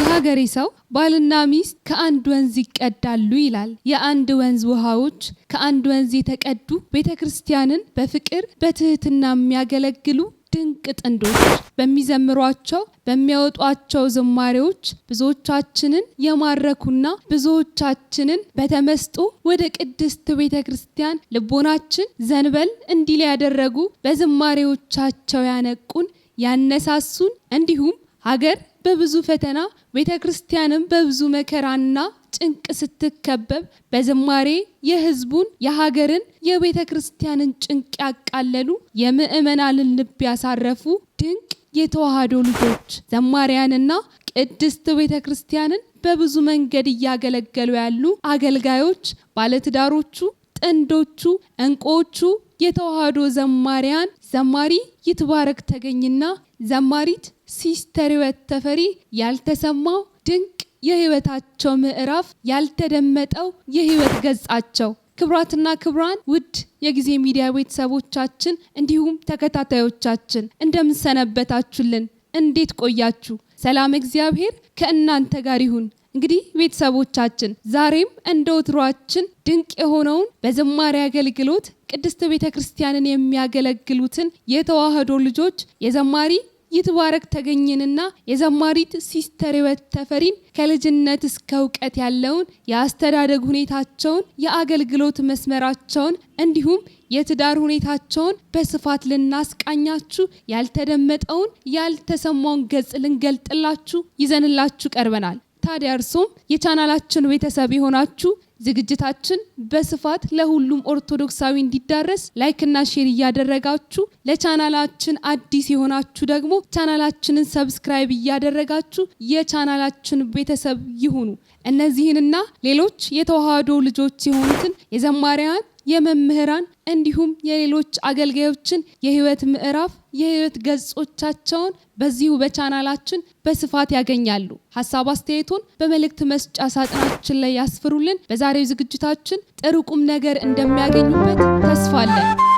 የሀገሬ ሰው ባልና ሚስት ከአንድ ወንዝ ይቀዳሉ ይላል። የአንድ ወንዝ ውሃዎች ከአንድ ወንዝ የተቀዱ ቤተ ክርስቲያንን በፍቅር በትህትና የሚያገለግሉ ድንቅ ጥንዶች በሚዘምሯቸው በሚያወጧቸው ዝማሬዎች ብዙዎቻችንን የማረኩና ብዙዎቻችንን በተመስጦ ወደ ቅድስት ቤተ ክርስቲያን ልቦናችን ዘንበል እንዲል ያደረጉ በዝማሬዎቻቸው ያነቁን ያነሳሱን እንዲሁም ሀገር በብዙ ፈተና ቤተ ክርስቲያንም በብዙ መከራና ጭንቅ ስትከበብ በዝማሬ የህዝቡን የሀገርን የቤተ ክርስቲያንን ጭንቅ ያቃለሉ የምእመናንን ልብ ያሳረፉ ድንቅ የተዋህዶ ልጆች ዘማሪያንና ቅድስት ቤተ ክርስቲያንን በብዙ መንገድ እያገለገሉ ያሉ አገልጋዮች ባለትዳሮቹ፣ ጥንዶቹ፣ እንቁዎቹ የተዋህዶ ዘማሪያን ዘማሪ ይትባረክ ተገኝና ዘማሪት ሲስተር ህይወት ተፈሪ ያልተሰማው ድንቅ የህይወታቸው ምዕራፍ ያልተደመጠው የህይወት ገጻቸው ክብራትና ክብራን ውድ የጊዜ ሚዲያ ቤተሰቦቻችን እንዲሁም ተከታታዮቻችን እንደምንሰነበታችሁልን፣ እንዴት ቆያችሁ? ሰላም እግዚአብሔር ከእናንተ ጋር ይሁን። እንግዲህ ቤተሰቦቻችን ዛሬም እንደ ወትሯችን ድንቅ የሆነውን በዝማሬ አገልግሎት ቅድስት ቤተ ክርስቲያንን የሚያገለግሉትን የተዋህዶ ልጆች የዘማሪ ይትባረክ ተገኘንና የዘማሪት ሲስተር ህይወት ተፈሪን ከልጅነት እስከ እውቀት ያለውን የአስተዳደግ ሁኔታቸውን፣ የአገልግሎት መስመራቸውን እንዲሁም የትዳር ሁኔታቸውን በስፋት ልናስቃኛችሁ ያልተደመጠውን ያልተሰማውን ገጽ ልንገልጥላችሁ ይዘንላችሁ ቀርበናል። ታዲያ እርሶም የቻናላችን ቤተሰብ የሆናችሁ ዝግጅታችን በስፋት ለሁሉም ኦርቶዶክሳዊ እንዲዳረስ ላይክና ሼር እያደረጋችሁ ለቻናላችን አዲስ የሆናችሁ ደግሞ ቻናላችንን ሰብስክራይብ እያደረጋችሁ የቻናላችን ቤተሰብ ይሁኑ። እነዚህንና ሌሎች የተዋህዶ ልጆች የሆኑትን የዘማሪያን የመምህራን እንዲሁም የሌሎች አገልጋዮችን የህይወት ምዕራፍ የህይወት ገጾቻቸውን በዚሁ በቻናላችን በስፋት ያገኛሉ። ሀሳብ አስተያየቱን በመልእክት መስጫ ሳጥናችን ላይ ያስፍሩልን። በዛሬው ዝግጅታችን ጥሩ ቁም ነገር እንደሚያገኙበት ተስፋ አለን።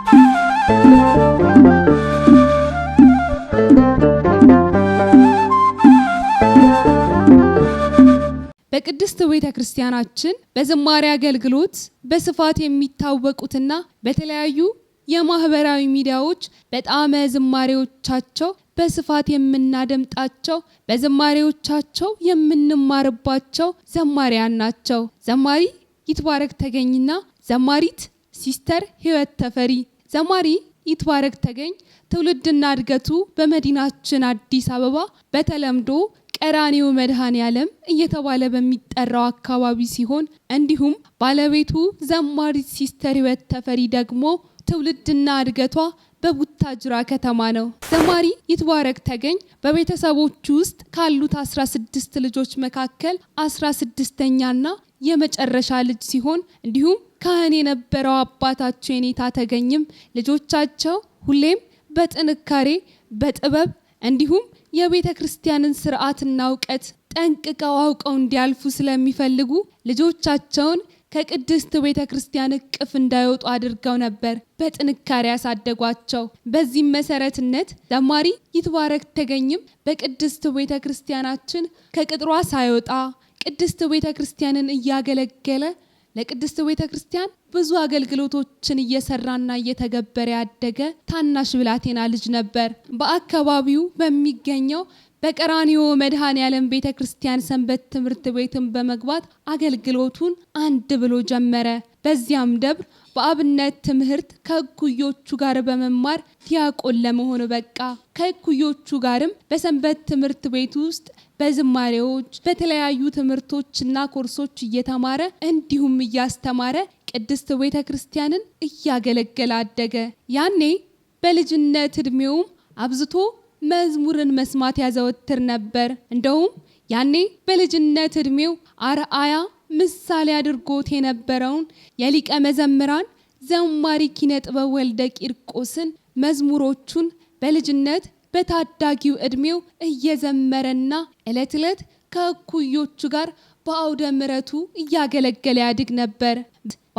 በቅድስት ቤተ ክርስቲያናችን በዝማሬ አገልግሎት በስፋት የሚታወቁትና በተለያዩ የማህበራዊ ሚዲያዎች በጣመ ዝማሬዎቻቸው በስፋት የምናደምጣቸው በዝማሬዎቻቸው የምንማርባቸው ዘማሪያን ናቸው። ዘማሪ ይትባረክ ተገኝና ዘማሪት ሲስተር ህይወት ተፈሪ። ዘማሪ ይትባረክ ተገኝ ትውልድና እድገቱ በመዲናችን አዲስ አበባ በተለምዶ ቀራኒዮ መድኃኔ ዓለም እየተባለ በሚጠራው አካባቢ ሲሆን እንዲሁም ባለቤቱ ዘማሪት ሲስተር ህይወት ተፈሪ ደግሞ ትውልድና እድገቷ በቡታጅራ ከተማ ነው። ዘማሪ ይትባረክ ተገኝ በቤተሰቦቹ ውስጥ ካሉት 16 ልጆች መካከል 16ተኛና የመጨረሻ ልጅ ሲሆን እንዲሁም ካህን የነበረው አባታቸው የኔታ ተገኝም ልጆቻቸው ሁሌም በጥንካሬ በጥበብ እንዲሁም የቤተ ክርስቲያንን ስርዓትና እውቀት ጠንቅቀው አውቀው እንዲያልፉ ስለሚፈልጉ ልጆቻቸውን ከቅድስት ቤተ ክርስቲያን እቅፍ እንዳይወጡ አድርገው ነበር በጥንካሬ ያሳደጓቸው። በዚህም መሰረትነት ዘማሪ ይትባረክ ተገኝም በቅድስት ቤተ ክርስቲያናችን ከቅጥሯ ሳይወጣ ቅድስት ቤተ ክርስቲያንን እያገለገለ ለቅድስት ቤተ ክርስቲያን ብዙ አገልግሎቶችን እየሰራና እየተገበረ ያደገ ታናሽ ብላቴና ልጅ ነበር። በአካባቢው በሚገኘው በቀራኒዮ መድኃኔ ዓለም ቤተ ክርስቲያን ሰንበት ትምህርት ቤትን በመግባት አገልግሎቱን አንድ ብሎ ጀመረ። በዚያም ደብር በአብነት ትምህርት ከእኩዮቹ ጋር በመማር ዲያቆን ለመሆን በቃ። ከእኩዮቹ ጋርም በሰንበት ትምህርት ቤት ውስጥ በዝማሬዎች በተለያዩ ትምህርቶችና ኮርሶች እየተማረ እንዲሁም እያስተማረ ቅድስት ቤተ ክርስቲያንን እያገለገለ አደገ። ያኔ በልጅነት እድሜው አብዝቶ መዝሙርን መስማት ያዘወትር ነበር። እንደውም ያኔ በልጅነት እድሜው አርአያ ምሳሌ አድርጎት የነበረውን የሊቀ መዘምራን ዘማሪ ኪነ ጥበብ ወልደ ቂርቆስን መዝሙሮቹን በልጅነት በታዳጊው እድሜው እየዘመረና ዕለት ዕለት ከእኩዮቹ ጋር በአውደ ምረቱ እያገለገለ ያድግ ነበር።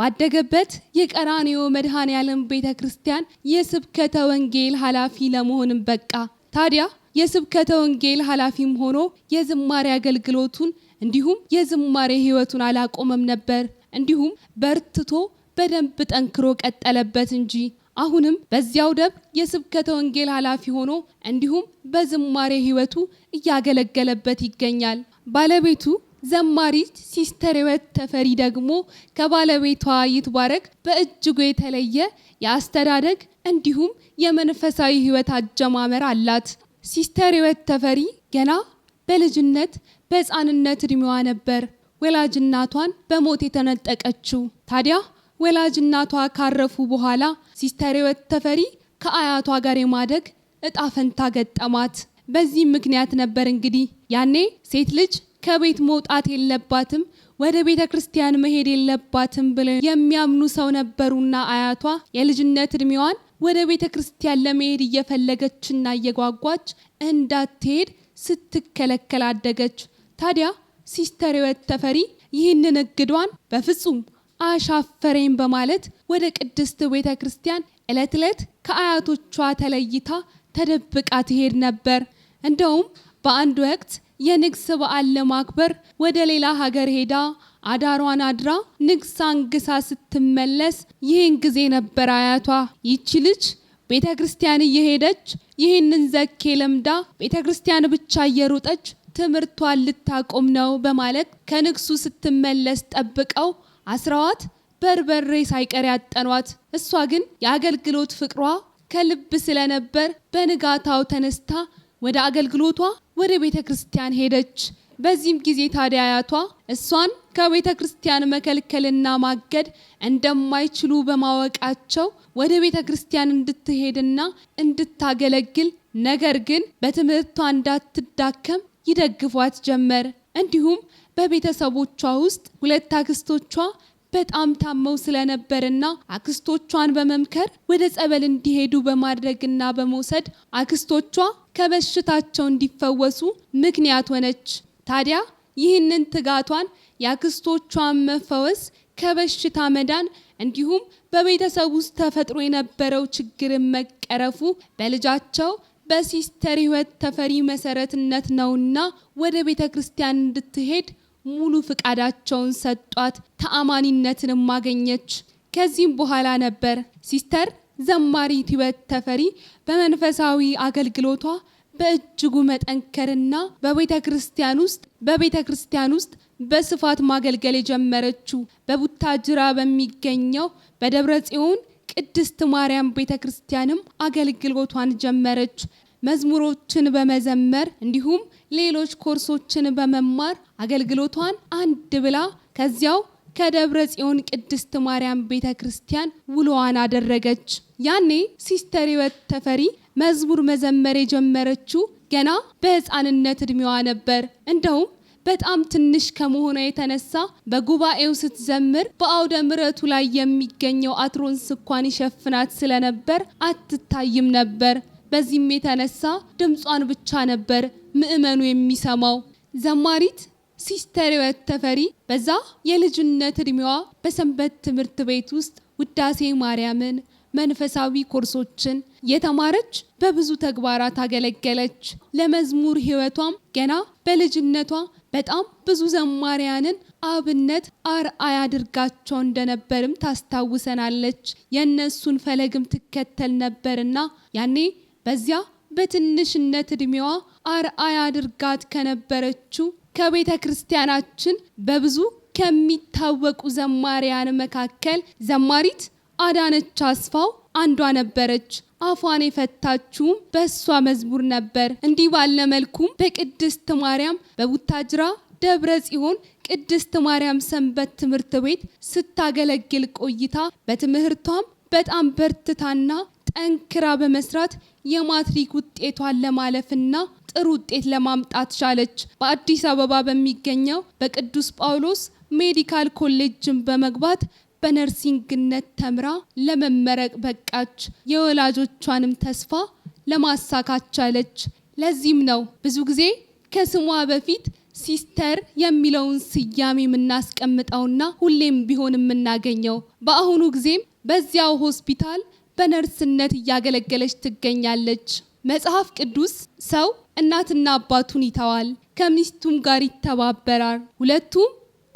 ባደገበት የቀራኒዮ መድኃኔ ዓለም ቤተ ክርስቲያን የስብከተ ወንጌል ኃላፊ ለመሆንም በቃ። ታዲያ የስብከተ ወንጌል ኃላፊም ሆኖ የዝማሬ አገልግሎቱን እንዲሁም የዝማሬ ሕይወቱን አላቆመም ነበር። እንዲሁም በርትቶ በደንብ ጠንክሮ ቀጠለበት እንጂ አሁንም በዚያው ደብ የስብከተ ወንጌል ኃላፊ ሆኖ እንዲሁም በዝማሬ ሕይወቱ እያገለገለበት ይገኛል። ባለቤቱ ዘማሪት ሲስተር ህይወት ተፈሪ ደግሞ ከባለቤቷ ይትባረክ በእጅጉ የተለየ የአስተዳደግ እንዲሁም የመንፈሳዊ ህይወት አጀማመር አላት። ሲስተር ህይወት ተፈሪ ገና በልጅነት በህፃንነት እድሜዋ ነበር ወላጅናቷን በሞት የተነጠቀችው። ታዲያ ወላጅናቷ ካረፉ በኋላ ሲስተር ህይወት ተፈሪ ከአያቷ ጋር የማደግ እጣ ፈንታ ገጠማት። በዚህ ምክንያት ነበር እንግዲህ ያኔ ሴት ልጅ ከቤት መውጣት የለባትም፣ ወደ ቤተ ክርስቲያን መሄድ የለባትም ብለው የሚያምኑ ሰው ነበሩና አያቷ የልጅነት እድሜዋን ወደ ቤተ ክርስቲያን ለመሄድ እየፈለገችና እየጓጓች እንዳትሄድ ስትከለከል አደገች። ታዲያ ሲስተር ሕይወት ተፈሪ ይህንን እግዷን በፍጹም አሻፈረኝ በማለት ወደ ቅድስት ቤተ ክርስቲያን ዕለት ዕለት ከአያቶቿ ተለይታ ተደብቃ ትሄድ ነበር። እንደውም በአንድ ወቅት የንግስ በዓል ለማክበር ወደ ሌላ ሀገር ሄዳ አዳሯን አድራ ንግስ አንግሳ ስትመለስ ይህን ጊዜ ነበር አያቷ ይቺ ልጅ ቤተ ክርስቲያን እየሄደች ይህንን ዘኬ ለምዳ ቤተ ክርስቲያን ብቻ እየሮጠች ትምህርቷን ልታቆም ነው በማለት ከንግሱ ስትመለስ ጠብቀው አስራዋት በርበሬ ሳይቀር ያጠኗት። እሷ ግን የአገልግሎት ፍቅሯ ከልብ ስለነበር በንጋታው ተነስታ ወደ አገልግሎቷ ወደ ቤተ ክርስቲያን ሄደች። በዚህም ጊዜ ታዲያ አያቷ እሷን ከቤተ ክርስቲያን መከልከልና ማገድ እንደማይችሉ በማወቃቸው ወደ ቤተ ክርስቲያን እንድትሄድና እንድታገለግል ነገር ግን በትምህርቷ እንዳትዳከም ይደግፏት ጀመር። እንዲሁም በቤተሰቦቿ ውስጥ ሁለት አክስቶቿ በጣም ታመው ስለነበርና አክስቶቿን በመምከር ወደ ጸበል እንዲሄዱ በማድረግና በመውሰድ አክስቶቿ ከበሽታቸው እንዲፈወሱ ምክንያት ሆነች። ታዲያ ይህንን ትጋቷን የአክስቶቿን መፈወስ ከበሽታ መዳን እንዲሁም በቤተሰብ ውስጥ ተፈጥሮ የነበረው ችግርን መቀረፉ በልጃቸው በሲስተር ህይወት ተፈሪ መሰረትነት ነውና ወደ ቤተ ክርስቲያን እንድትሄድ ሙሉ ፍቃዳቸውን ሰጧት። ተአማኒነትን ማገኘች። ከዚህም በኋላ ነበር ሲስተር ዘማሪ ሕይወት ተፈሪ በመንፈሳዊ አገልግሎቷ በእጅጉ መጠንከርና በቤተ ክርስቲያን ውስጥ በቤተ ክርስቲያን ውስጥ በስፋት ማገልገል የጀመረችው በቡታጅራ በሚገኘው በደብረ ጽዮን ቅድስት ማርያም ቤተ ክርስቲያንም አገልግሎቷን ጀመረች። መዝሙሮችን በመዘመር እንዲሁም ሌሎች ኮርሶችን በመማር አገልግሎቷን አንድ ብላ ከዚያው ከደብረ ጽዮን ቅድስት ማርያም ቤተ ክርስቲያን ውሎዋን አደረገች። ያኔ ሲስተር ሕይወት ተፈሪ መዝሙር መዘመር የጀመረችው ገና በህፃንነት እድሜዋ ነበር። እንደውም በጣም ትንሽ ከመሆኗ የተነሳ በጉባኤው ስትዘምር በአውደ ምረቱ ላይ የሚገኘው አትሮን ስኳን ይሸፍናት ስለነበር አትታይም ነበር። በዚህም የተነሳ ድምጿን ብቻ ነበር ምዕመኑ የሚሰማው። ዘማሪት ሲስተር ህይወት ተፈሪ በዛ የልጅነት እድሜዋ በሰንበት ትምህርት ቤት ውስጥ ውዳሴ ማርያምን፣ መንፈሳዊ ኮርሶችን የተማረች በብዙ ተግባራት አገለገለች። ለመዝሙር ህይወቷም ገና በልጅነቷ በጣም ብዙ ዘማሪያንን አብነት አርአያ አድርጋቸው እንደነበርም ታስታውሰናለች። የእነሱን ፈለግም ትከተል ነበርና ያኔ በዚያ በትንሽነት እድሜዋ አርአያ አድርጋት ከነበረችው ከቤተ ክርስቲያናችን በብዙ ከሚታወቁ ዘማሪያን መካከል ዘማሪት አዳነች አስፋው አንዷ ነበረች። አፏን የፈታችውም በእሷ መዝሙር ነበር። እንዲህ ባለ መልኩም በቅድስት ማርያም በቡታጅራ ደብረ ጽዮን ቅድስት ማርያም ሰንበት ትምህርት ቤት ስታገለግል ቆይታ በትምህርቷም በጣም በርትታና ጠንክራ በመስራት የማትሪክ ውጤቷን ለማለፍና ጥሩ ውጤት ለማምጣት ቻለች። በአዲስ አበባ በሚገኘው በቅዱስ ጳውሎስ ሜዲካል ኮሌጅን በመግባት በነርሲንግነት ተምራ ለመመረቅ በቃች። የወላጆቿንም ተስፋ ለማሳካት ቻለች። ለዚህም ነው ብዙ ጊዜ ከስሟ በፊት ሲስተር የሚለውን ስያሜ የምናስቀምጠውና ሁሌም ቢሆን የምናገኘው። በአሁኑ ጊዜም በዚያው ሆስፒታል በነርስነት እያገለገለች ትገኛለች። መጽሐፍ ቅዱስ ሰው እናትና አባቱን ይተዋል፣ ከሚስቱም ጋር ይተባበራል፣ ሁለቱም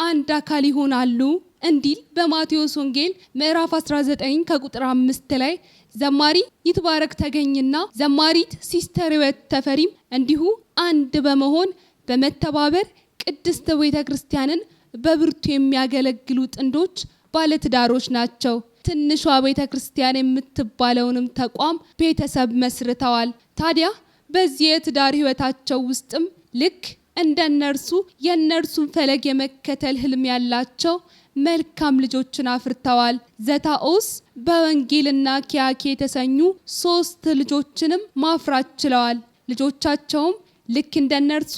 አንድ አካል ይሆናሉ እንዲል በማቴዎስ ወንጌል ምዕራፍ 19 ከቁጥር አምስት ላይ ዘማሪ ይትባረክ ተገኝና ዘማሪት ሲስተር ህይወት ተፈሪም እንዲሁ አንድ በመሆን በመተባበር ቅድስት ቤተ ክርስቲያንን በብርቱ የሚያገለግሉ ጥንዶች ባለትዳሮች ናቸው። ትንሿ ቤተ ክርስቲያን የምትባለውንም ተቋም ቤተሰብ መስርተዋል። ታዲያ በዚህ የትዳር ህይወታቸው ውስጥም ልክ እንደ እነርሱ የእነርሱን ፈለግ የመከተል ህልም ያላቸው መልካም ልጆችን አፍርተዋል። ዘታኦስ በወንጌልና ኪያኬ የተሰኙ ሶስት ልጆችንም ማፍራት ችለዋል። ልጆቻቸውም ልክ እንደ እነርሱ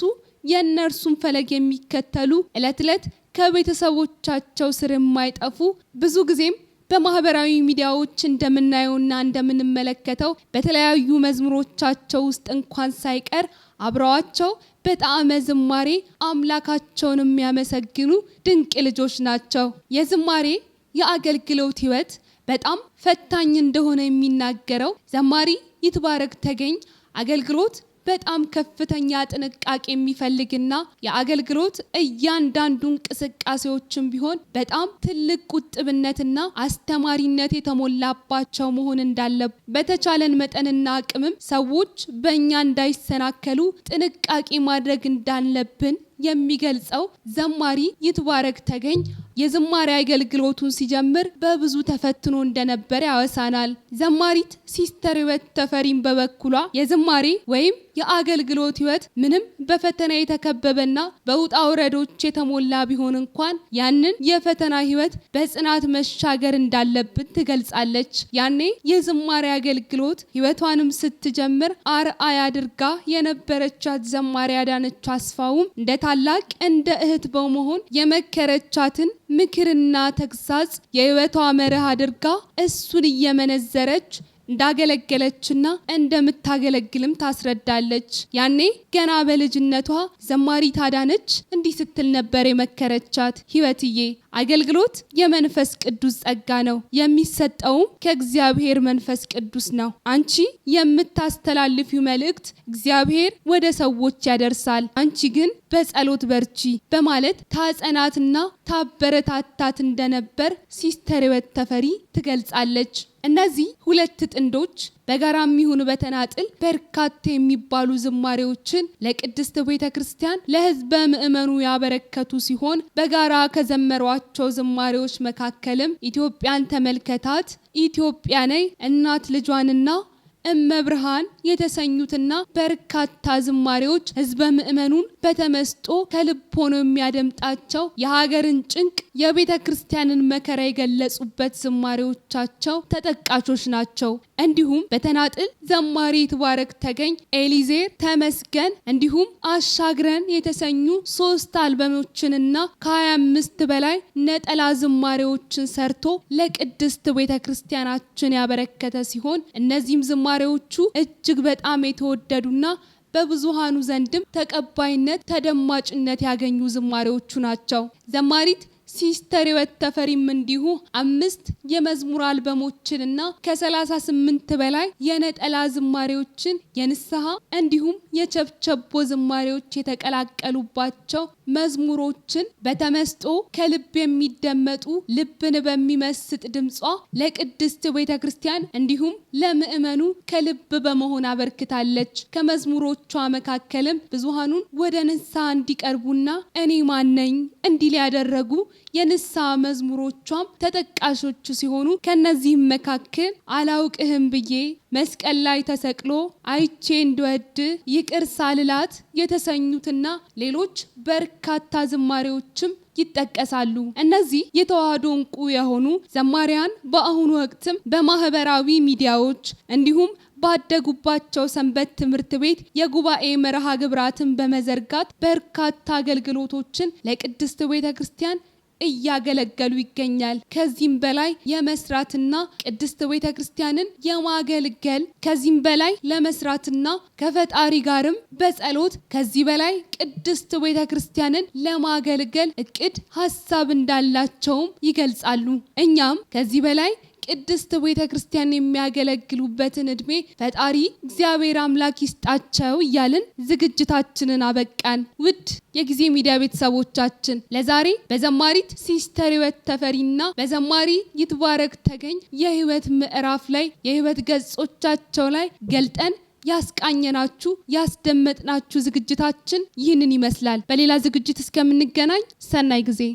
የእነርሱን ፈለግ የሚከተሉ እለት ዕለት ከቤተሰቦቻቸው ስር የማይጠፉ ብዙ ጊዜም በማህበራዊ ሚዲያዎች እንደምናየውና እንደምንመለከተው በተለያዩ መዝሙሮቻቸው ውስጥ እንኳን ሳይቀር አብረዋቸው በጣዕመ ዝማሬ አምላካቸውን የሚያመሰግኑ ድንቅ ልጆች ናቸው። የዝማሬ የአገልግሎት ህይወት በጣም ፈታኝ እንደሆነ የሚናገረው ዘማሪ ይትባረክ ተገኝ አገልግሎት በጣም ከፍተኛ ጥንቃቄ የሚፈልግና የአገልግሎት እያንዳንዱ እንቅስቃሴዎችን ቢሆን በጣም ትልቅ ቁጥብነትና አስተማሪነት የተሞላባቸው መሆን እንዳለብ በተቻለን መጠንና አቅምም ሰዎች በእኛ እንዳይሰናከሉ ጥንቃቄ ማድረግ እንዳለብን የሚገልጸው ዘማሪ ይትባረክ ተገኝ የዝማሬ አገልግሎቱን ሲጀምር በብዙ ተፈትኖ እንደነበር ያወሳናል። ዘማሪት ሲስተር ህይወት ተፈሪም በበኩሏ የዝማሬ ወይም የአገልግሎት ህይወት ምንም በፈተና የተከበበና በውጣ ውረዶች የተሞላ ቢሆን እንኳን ያንን የፈተና ህይወት በጽናት መሻገር እንዳለብን ትገልጻለች። ያኔ የዝማሬ አገልግሎት ህይወቷንም ስትጀምር አርአያ አድርጋ የነበረቻት ዘማሪ አዳነች አስፋውም እንደ ታላቅ እንደ እህት በመሆን የመከረቻትን ምክርና ተግሳጽ የህይወቷ መርህ አድርጋ እሱን እየመነዘረች እንዳገለገለችና እንደምታገለግልም ታስረዳለች። ያኔ ገና በልጅነቷ ዘማሪት አዳነች እንዲህ ስትል ነበር የመከረቻት። ህይወትዬ አገልግሎት የመንፈስ ቅዱስ ጸጋ ነው፣ የሚሰጠውም ከእግዚአብሔር መንፈስ ቅዱስ ነው። አንቺ የምታስተላልፊው መልእክት እግዚአብሔር ወደ ሰዎች ያደርሳል። አንቺ ግን በጸሎት በርቺ በማለት ታጸናትና ታበረታታት እንደነበር ሲስተር ህይወት ተፈሪ ትገልጻለች። እነዚህ ሁለት ጥንዶች በጋራ የሚሆኑ በተናጥል በርካታ የሚባሉ ዝማሬዎችን ለቅድስት ቤተ ክርስቲያን ለሕዝበ ምእመኑ ያበረከቱ ሲሆን በጋራ ከዘመሯቸው ዝማሬዎች መካከልም ኢትዮጵያን ተመልከታት፣ ኢትዮጵያ ነይ እናት ልጇንና እመብርሃን የተሰኙትና በርካታ ዝማሬዎች ህዝበ ምእመኑን በተመስጦ ከልብ ሆኖ የሚያደምጣቸው የሀገርን ጭንቅ የቤተ ክርስቲያንን መከራ የገለጹበት ዝማሬዎቻቸው ተጠቃሾች ናቸው። እንዲሁም በተናጥል ዘማሪ ትባረክ ተገኝ፣ ኤሊዜር ተመስገን እንዲሁም አሻግረን የተሰኙ ሶስት አልበሞችንና ከ25 በላይ ነጠላ ዝማሬዎችን ሰርቶ ለቅድስት ቤተ ክርስቲያናችን ያበረከተ ሲሆን እነዚህም ዝማ ዝማሬዎቹ እጅግ በጣም የተወደዱና በብዙሃኑ ዘንድም ተቀባይነት ተደማጭነት ያገኙ ዝማሬዎቹ ናቸው። ዘማሪት ሲስተር ህይወት ተፈሪም እንዲሁ አምስት የመዝሙር አልበሞችንና ከ38 በላይ የነጠላ ዝማሬዎችን የንስሐ እንዲሁም የቸብቸቦ ዝማሬዎች የተቀላቀሉባቸው መዝሙሮችን በተመስጦ ከልብ የሚደመጡ ልብን በሚመስጥ ድምጿ ለቅድስት ቤተ ክርስቲያን እንዲሁም ለምእመኑ ከልብ በመሆን አበርክታለች። ከመዝሙሮቿ መካከልም ብዙሃኑን ወደ ንስሐ እንዲቀርቡና እኔ ማነኝ እንዲል ያደረጉ የንሳ መዝሙሮቿም ተጠቃሾቹ ሲሆኑ ከነዚህም መካከል አላውቅህም ብዬ መስቀል ላይ ተሰቅሎ አይቼ እንድወድ ይቅር ሳልላት የተሰኙትና ሌሎች በርካታ ዝማሬዎችም ይጠቀሳሉ። እነዚህ የተዋህዶ እንቁ የሆኑ ዘማሪያን በአሁኑ ወቅትም በማህበራዊ ሚዲያዎች እንዲሁም ባደጉባቸው ሰንበት ትምህርት ቤት የጉባኤ መርሃ ግብራትን በመዘርጋት በርካታ አገልግሎቶችን ለቅድስት ቤተ ክርስቲያን እያገለገሉ ይገኛል። ከዚህም በላይ የመስራትና ቅድስት ቤተ ክርስቲያንን የማገልገል ከዚህም በላይ ለመስራትና ከፈጣሪ ጋርም በጸሎት ከዚህ በላይ ቅድስት ቤተ ክርስቲያንን ለማገልገል እቅድ ሀሳብ እንዳላቸውም ይገልጻሉ። እኛም ከዚህ በላይ ቅድስት ቤተ ክርስቲያን የሚያገለግሉበትን እድሜ ፈጣሪ እግዚአብሔር አምላክ ይስጣቸው እያልን ዝግጅታችንን አበቃን። ውድ የጊዜ ሚዲያ ቤተሰቦቻችን ለዛሬ በዘማሪት ሲስተር ህይወት ተፈሪና በዘማሪ ይትባረክ ተገኝ የህይወት ምዕራፍ ላይ የህይወት ገጾቻቸው ላይ ገልጠን ያስቃኘናችሁ ያስደመጥናችሁ ዝግጅታችን ይህንን ይመስላል። በሌላ ዝግጅት እስከምንገናኝ ሰናይ ጊዜ